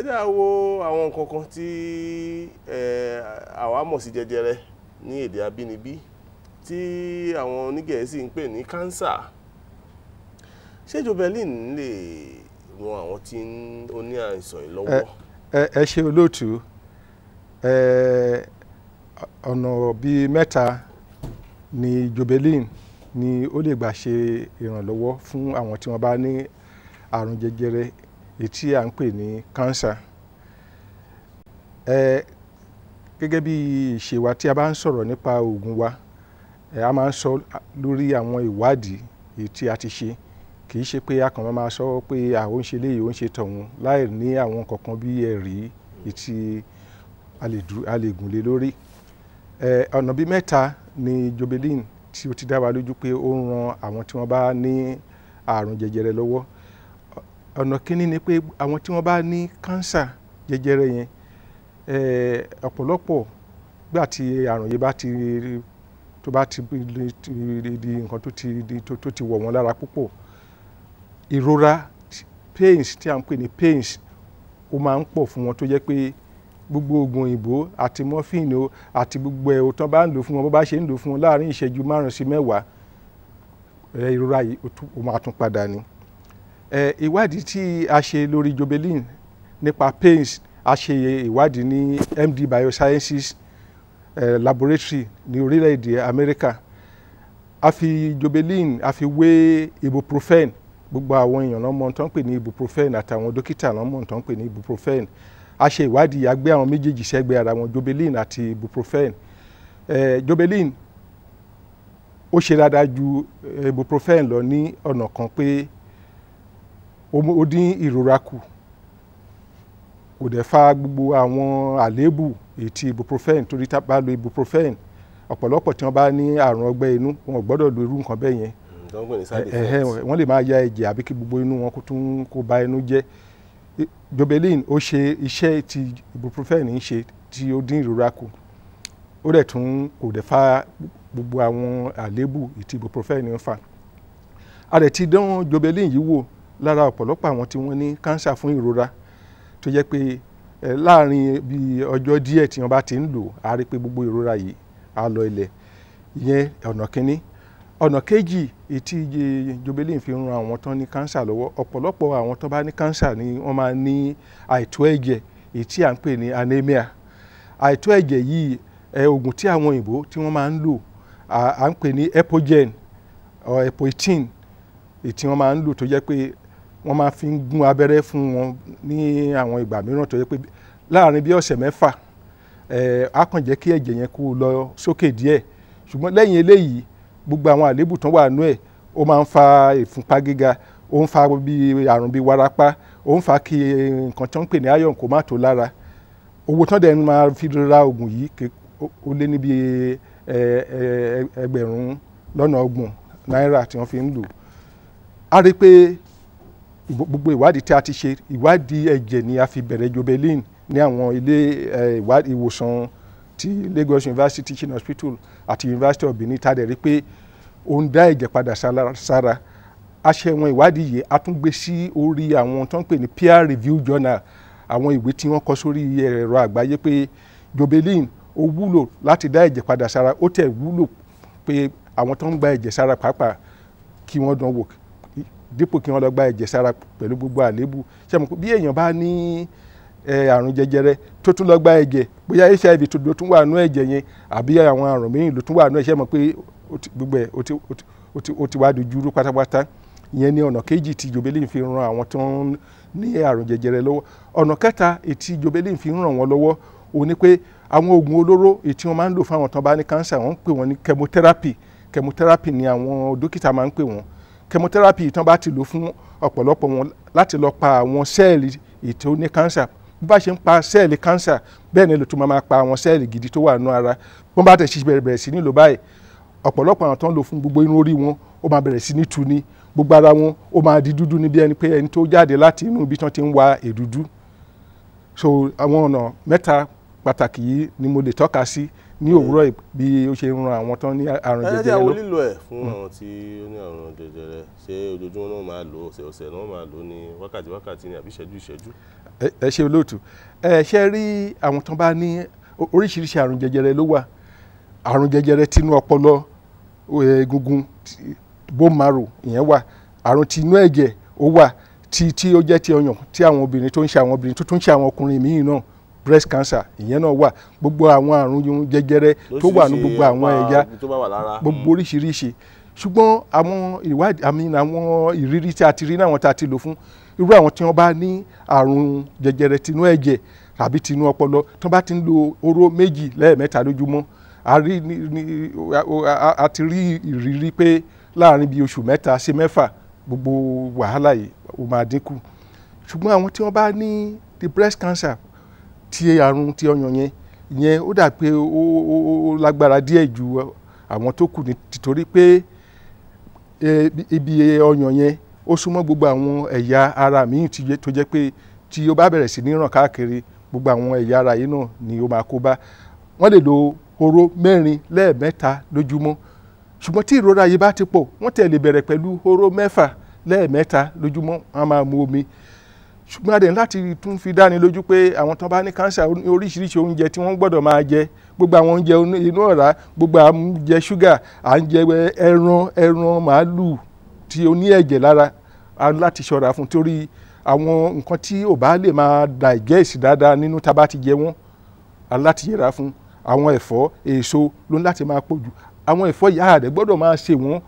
ẹ dá wo àwọn nǹkan kan tí àwa mọ̀ sí jẹjẹrẹ ní èdè abínibí tí àwọn onígẹ̀ẹ́sì ń pè ní kánsà ṣéjọ Berlin lè ran àwọn tí ó ní àìsàn yìí lọ́wọ́. ẹ ṣe olóòtú ọ̀nà bíi mẹ́ta ni jobelin ni ó lè gbà ṣe ìrànlọ́wọ́ fún àwọn tí wọ́n bá ní àrùn jẹjẹrẹ etí à ń pè ní cancer ẹ gẹ́gẹ́ bí ìṣe wa tí a bá ń sọ̀rọ̀ nípa oògùn wa ẹ a máa ń sọ lórí àwọn ìwádìí èyí tí a ti ṣe kì í ṣe pé a kàn máa sọ pé à ń ṣe léyìí ó ń ṣe tọ̀hún láì ní àwọn kankan bí ẹ̀rí èyí a lè gùn lé lórí ọ̀nà bíi mẹ́ta ni jobelin tí ó ti dá wa lójú pé ó ń ran àwọn tí wọ́n bá ní àrùn jẹjẹrẹ lọ́wọ́ ọ̀nà kínní ni pé àwọn tí wọ́n bá ní kánsà jẹjẹrẹ yẹn eh, ọ̀pọ̀lọpọ̀ gbà tí àrùn yìí bá ti tó bá ti di nǹkan tó ti tó wọ̀ wọ́n lára púpọ̀ ìrora pains tí a ń pè ní pains ó máa ń pọ̀ fún wọn tó jẹ́ pé gbogbo oògùn òyìnbó àti morphine o àti gbogbo ẹ̀ o tán bá ń lò fún wọn bó bá ṣe ń lò fún wọn láàárín ìṣẹ́jú márùn-ún sí mẹ́wàá eh, ìrora yìí ó máa tún padà ni ìwádìí tí a ṣe lórí jobelin nípa pains a ṣe ìwádìí ní MD Biosciences Laboratory ní orílẹ̀-èdè America a fi jobelin a fi wé ibuprofen gbogbo àwọn èèyàn lọ́mọ tó ń pè ní ibuprofen àtàwọn dókítà lọ́mọ tó ń pè ní ibuprofen a ṣe ìwádìí a gbé àwọn méjèèjì sẹ́gbẹ̀ẹ́ ara wọn jobelin àti ibuprofen eh, jobelin ó ṣe dáadáa ju ibuprofen lọ ní ọ̀nà kan pé ó dín ìrora kù kò dẹ̀ fa gbogbo àwọn àléébù ètí ibuprofen torí tá a bá lo ibuprofen ọ̀pọ̀lọpọ̀ tí wọ́n bá ní àrùn ọgbẹ́ inú wọn ò gbọ́dọ̀ lo irú nǹkan bẹ́ẹ̀ yẹn wọ́n lè máa ya ẹ̀jẹ̀ àbí kí gbogbo inú wọn kó tún kó ba inú jẹ́ e, jobelin ó ṣe iṣẹ́ tí ibuprofen ń ṣe tí ó dín ìrora kù ó dẹ̀ tún kò dẹ̀ fa gbogbo àwọn àléébù ètí ibuprofen ń fà a dẹ̀ ti dán jobelin yìí wò lára ọ̀pọ̀lọpọ̀ àwọn tí wọ́n ní kánsà fún ìrora tó jẹ́ pé láàrin bí ọjọ́ díẹ̀ tí wọ́n bá ti ń lò á rí pé gbogbo ìrora yìí á lọ ilẹ̀ ìyẹn ọ̀nà kínní ọ̀nà kejì tí jobelin fi ran àwọn tó ní kánsà lọ́wọ́ ọ̀pọ̀lọpọ̀ àwọn tó bá ní kánsà ni wọ́n máa ní àìtó ẹ̀jẹ̀ èyí à ń pè ní anemia àìtó ẹ̀jẹ̀ yìí ẹ oògùn tí àwọn òyìnbó tí wọ́n máa ń lò à ń pè ní epogen or epoetin èyí tí wọ́n máa ń lò tó jẹ́ pé wọ́n máa fi ń gún abẹ́rẹ́ fún wọn ní àwọn ìgbà mìíràn tó yẹ pé láàrin bí ọ̀sẹ̀ mẹ́fà á kàn jẹ́ kí ẹ̀jẹ̀ yẹn kó lọ sókè díẹ̀ ṣùgbọ́n lẹ́yìn eléyìí gbogbo àwọn àléébù tó wà nú ẹ̀ ó máa ń fa ìfúnpá gíga ó ń fa bí àrùn bí warapa ó ń fa kí nǹkan tó ń pè ní iron kó má tó lára owó tán dẹ̀ máa fi ra oògùn yìí ó lé níbi ẹgbẹ̀rún lọ́nà ọgbọ̀n náírà tí wọ́n fi ń lò á rí pé gbogbo ìwádìí tí a ti ṣe ìwádìí ẹ̀jẹ̀ ni a fi bẹ̀rẹ̀ jobelin ní àwọn ilé ìwádìí ìwòsàn ti Lagos University Teaching Hospital àti University of Benin tá a dẹ̀ rí pé ó ń dá ẹ̀jẹ̀ padà sára a ṣe wọn ìwádìí yìí a tún gbé sí orí àwọn tó ń pè ní peer review journal àwọn ìwé tí wọ́n kọ sórí ẹ̀rọ àgbáyé pé jobelin ó wúlò láti dá ẹ̀jẹ̀ padà sára ó tẹ̀ wúlò pé àwọn tó ń gba ẹ̀jẹ̀ sára pàápàá kí wọ́n dán wò dípò kí wọ́n lọ gba ẹ̀jẹ̀ sára pẹ̀lú gbogbo àléébù ṣe mọ̀ pé bí èèyàn bá ní àrùn jẹjẹrẹ tó tún lọ gba ẹ̀jẹ̀ bóyá hiv tó tún wà nú ẹ̀jẹ̀ yẹn àbí àwọn àrùn míì ló tún wà nú ẹ̀jẹ̀ mọ̀ pé gbogbo ẹ̀ ó ti wá dojú pátápátá ìyẹn ni ọ̀nà kejì tí jòbélì fi ran àwọn tó ń ní àrùn jẹjẹrẹ lọ́wọ́ ọ̀nà kẹta ètí jòbélì fi ràn wọ́n lọ́wọ́ òun ni pé àwọn oògùn olóró ètí wọ́n máa ń lò fún àwọn tó bá ní cancer wọ́n ń pè wọ́n ní chemotherapy chemotherapy ni àwọn dókítà máa ń pè wọ́n chemotherapy tán bá ti lò fún ọ̀pọ̀lọpọ̀ wọn láti lọ pa àwọn sẹ́ẹ̀lì ètò ní cancer bí bá ṣe ń pa sẹ́ẹ̀lì cancer bẹ́ẹ̀ ni lòtún máa pa àwọn sẹ́ẹ̀lì gidi tó wà nínú ara bọ́n bá tẹ̀ ṣe bẹ̀rẹ̀ sí nílò báyìí ọ̀pọ̀lọpọ̀ àwọn tó lò fún gbogbo inú orí wọn ó máa bẹ̀rẹ̀ sí ní tu ni gbogbo ara wọn ó máa di dúdú níbi ẹni pé ẹni tó jáde láti inú ibi tí ti ń wa èdúdú so àwọn ọ̀nà mẹ́ta pàtàkì yìí ni mo lè tọ́ka sí ní òwúrọ̀ bí ó ṣe ń ran àwọn tán ní àrùn jẹjẹrẹ lọ. ẹ jẹ́ àwọn lílo ẹ̀ fún hmm. àwọn tí ó ní àrùn jẹjẹrẹ ṣé ojoojúmọ́ náà máa lò ọ̀sẹ̀ ọ̀sẹ̀ náà máa lò ní wákàtí wákàtí ní àbí ìṣẹ́jú ìṣẹ́jú. ẹ ṣe olóòtú ẹ ṣe rí àwọn tán bá ní oríṣiríṣi àrùn jẹjẹrẹ ló wà àrùn jẹjẹrẹ tinú ọpọlọ egungun bone marrow ìyẹn wà àrùn tinú ẹ̀jẹ̀ ó wà tí tí ó jẹ́ ti ọyàn tí àwọn obìnrin tó ń ṣe àwọn obìnrin tó tún ṣe àwọn ọkùnrin míì náà breast cancer ìyẹn náà wà gbogbo àwọn àrùn jẹjẹrẹ tó wà ní gbogbo àwọn ẹ̀yà gbogbo mm. oríṣiríṣi ṣùgbọ́n àwọn ìwádìí àmì àwọn ìrírí tí a ti rí náà wọn tá a ti lò fún irú àwọn tí wọ́n bá ní àrùn jẹjẹrẹ tinú ẹ̀jẹ̀ tàbí tinú ọpọlọ tí wọ́n bá ti ń lo oró méjì lẹ́ẹ̀mẹ́ta lójúmọ́ a ti rí ìrírí pé láàrin bíi oṣù mẹ́ta sí mẹ́fà gbogbo wàhálà yìí ó máa dínkù ṣùgbọ́n àwọn tí wọ́n bá ní the breast cancer tí arun tí ọyàn yẹn yẹn ó dà pé ó lágbára díẹ̀ ju àwọn tó kù nítorí pé ibi ọyàn yẹn ó súnmọ́ gbogbo àwọn ẹ̀yà ara míì tó jẹ́ pé tí ó bá bẹ̀rẹ̀ sí ní ràn káàkiri gbogbo àwọn ẹ̀yà ara yìí náà ni ó máa kó bá wọ́n lè lo horo mẹ́rin lẹ́ẹ̀mẹ́ta lójúmọ́ ṣùgbọ́n tí ìrora yìí bá ti pọ̀ wọ́n tẹ̀ lè bẹ̀rẹ̀ pẹ̀lú horo mẹ́fà lẹ́ẹ̀mẹ́ta lójúmọ́ wọ́n á máa mu omi ṣùgbọ́n adẹ̀ láti tún fi dáni lójú pé àwọn tó bá ní kánsà oríṣiríṣi oúnjẹ tí wọ́n gbọ́dọ̀ máa jẹ gbogbo àwọn oúnjẹ inú ọ̀rá gbogbo à ń jẹ ṣúgà à ń jẹ ẹran ẹran màálùú tí ó ní ẹ̀jẹ̀ lára láti ṣọ́ra fún torí àwọn nǹkan tí ò bá lè máa digest dáadáa nínú tá a bá ti jẹ wọ́n láti yẹra fún àwọn ẹ̀fọ́ èso ló ń láti máa pọ̀ jù àwọn ẹ̀fọ́ yìí àdẹ̀ gbọ́dọ̀ máa ṣe wọ́n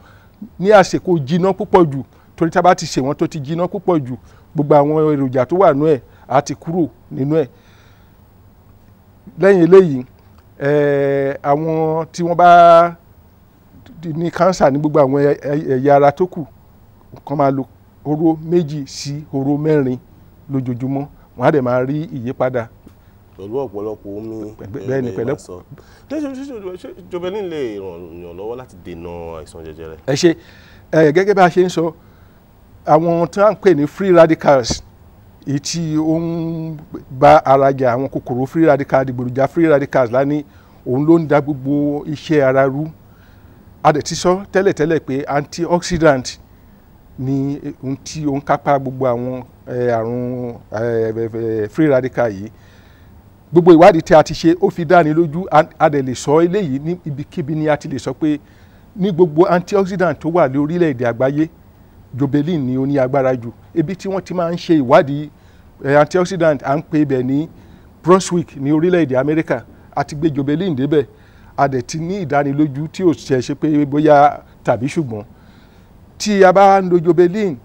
ní àsìkò jiná púpọ̀ jù torí tá a bá ti ṣe wọ́n tó ti jiná púpọ̀ jù gbogbo àwọn èròjà tó wà nú ẹ̀ á ti kúrò nínú ẹ̀ lẹ́yìn eléyìí àwọn tí wọ́n bá ní kánsà ní gbogbo àwọn ẹ̀yà ara tó kù kàn máa lo hóró méjì sí hóró mẹ́rin lójoojúmọ́ wọ́n á dẹ̀ máa rí ìyípadà pẹ̀lú ọ̀pọ̀lọpọ̀ omi bẹ́ẹ̀ni pẹ̀lẹ́ ṣé jobelin lè ràn yàn lọ́wọ́ láti dènà àìsàn jẹjẹrẹ. ẹ ṣe gẹ́gẹ́ bá a ṣe ń sọ àwọn tí wọ́n ń pè ní free radicals èyí tí ó ń bá ara jà àwọn kòkòrò free radicals dìgbòlùjà free radicals lání òun ló ń da gbogbo iṣẹ́ ara rú adẹ̀tísọ́ tẹ́lẹ̀tẹ́lẹ̀ pé antioxidant ni ohun tí ó ń kápá gbogbo àwọn àrùn free radical yìí gbogbo ìwádìí tí a ti ṣe ó fi dáni lójú adẹ̀ lè sọ eléyìí ní ibikíbi ni a ti lè sọ pé ní gbogbo antioxidant tó wà lórílẹ̀‐èdè àgbáyé jobelin ni ó ní agbára jù ibi tí wọ́n ti máa ń ṣe ìwádìí eh, antioxidant à ń pè ibẹ̀ ní Brunswick ní orílẹ̀-èdè Amẹ́ríkà àti gbé jobelin débẹ̀ a dẹ̀ ti ní ìdánilójú tí ò ṣe ṣe pé bóyá tàbí ṣùgbọ́n tí a bá ń lo jobelin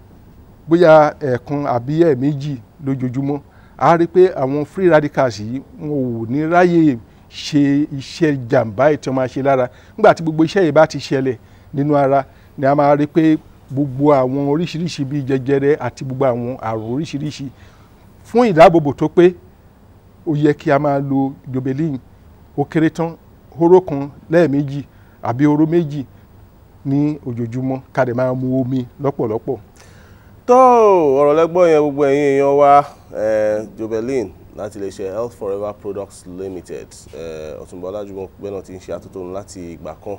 bóyá ẹ̀ẹ̀kan àbí ẹ̀ẹ̀méjì lójoojúmọ́ a rí i pé àwọn free radicals yìí wọn ò ní ráyè ṣe iṣẹ́ jàǹbá ìtàn lára nígbà tí gbogbo iṣẹ́ yìí bá ti ṣẹlẹ̀ nínú ara ni a máa rí i pé gbogbo àwọn oríṣiríṣi bíi jẹjẹrẹ àti gbogbo àwọn àrùn oríṣiríṣi fún ìdáàbòbò tó pé ó yẹ kí a máa lo jobelin ó kéré tán hóró kan lẹ́ẹ̀mejì àbí hóró méjì ní ojoojúmọ́ ká lè máa mu omi lọ́pọ̀lọpọ̀. tó ọ̀rọ̀ lẹ́gbọ́n yẹn gbogbo ẹ̀yin èèyàn wa jobelin láti iléeṣẹ́ health forever products limited ọ̀túnba ọlájúmọ̀ gbẹ́nà ti ń ṣe àtúntò láti ìgbà kan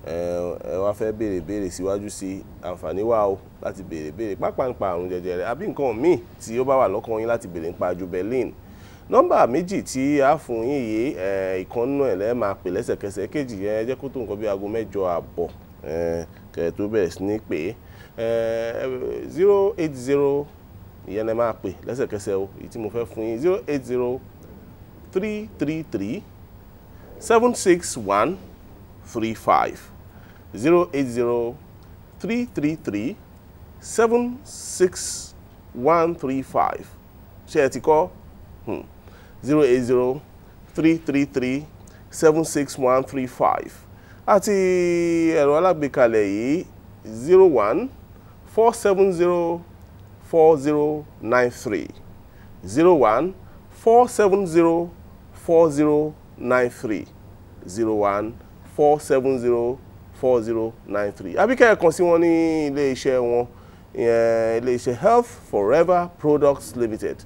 ẹ wá fẹ́ béèrè béèrè síwájú sí àǹfààní wa o láti béèrè béèrè pápá nípa àrùn jẹjẹrẹ àbí nǹkan míì tí ó bá wà lọ́kàn yín láti béèrè nípa jubelin nọ́mbà méjì tí a fún yín yìí ìkànnú ẹ̀ lẹ́ẹ̀ máa pè lẹ́sẹ̀kẹsẹ̀ kejì yẹn ẹ jẹ́ kó tó nǹkan bí aago mẹ́jọ àbọ̀ kẹ̀ tó bẹ̀rẹ̀ sí ní pè é zero eight zero ìyẹn lẹ́ẹ̀ máa pè lẹ́sẹ̀kẹsẹ̀ o èyí tí mo fẹ́ fún yín zero eight zero three three three seven six one. 35 080 333 76135 ṣé ẹ ti kọ́ hmm. zero eight zero three three three seven six one three five àti ẹ̀rọ alágbèékalẹ̀ yìí zero one four seven zero four zero nine three zero one four seven zero four zero nine three zero one four seven zero four zero nine three àbíkẹ́ ẹ kàn sí wọn ní ilé iṣẹ́ wọn ilé iṣẹ́ health forever products limited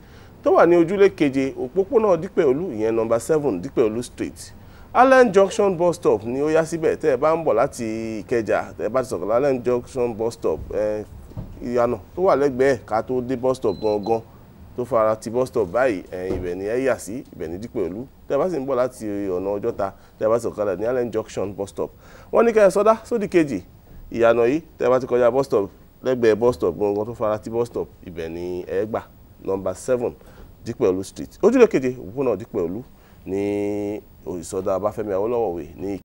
tó wà ní ojúlé keje òpópónà dípẹ̀olú ìyẹn number seven dípẹ̀olú street allen junction bus stop ni ó yá síbẹ̀ tẹ́ ẹ bá ń bọ̀ láti ìkẹjà tẹ́ ẹ bá ti sọ̀kọ̀ allen junction bus stop ìyànà tó wà lẹ́gbẹ̀ẹ́ ká tó dé bus stop gangan tó fara ti bus stop báyìí ibẹ̀ ni ẹ yà sí ibẹ̀ ní dípẹ́ olú tẹ́ bá sì ń bọ̀ láti ọ̀nà ọjọ́ta tẹ́ bá sì ọ̀kadà ní allen junction bus stop wọ́n ní kẹ́ ẹ sọdá sódì kejì ìyànà yìí tẹ́ bá ti kọjá bus stop lẹ́gbẹ̀ẹ́ bus stop gbọ̀ngàn tó fara ti bus stop ibẹ̀ ní ẹ gbà nọmba seven dípẹ́ olú street ojúlé keje òpópónà dípẹ́ olú ní ìsọdá abáfẹ́mi awólọ́wọ̀ way ní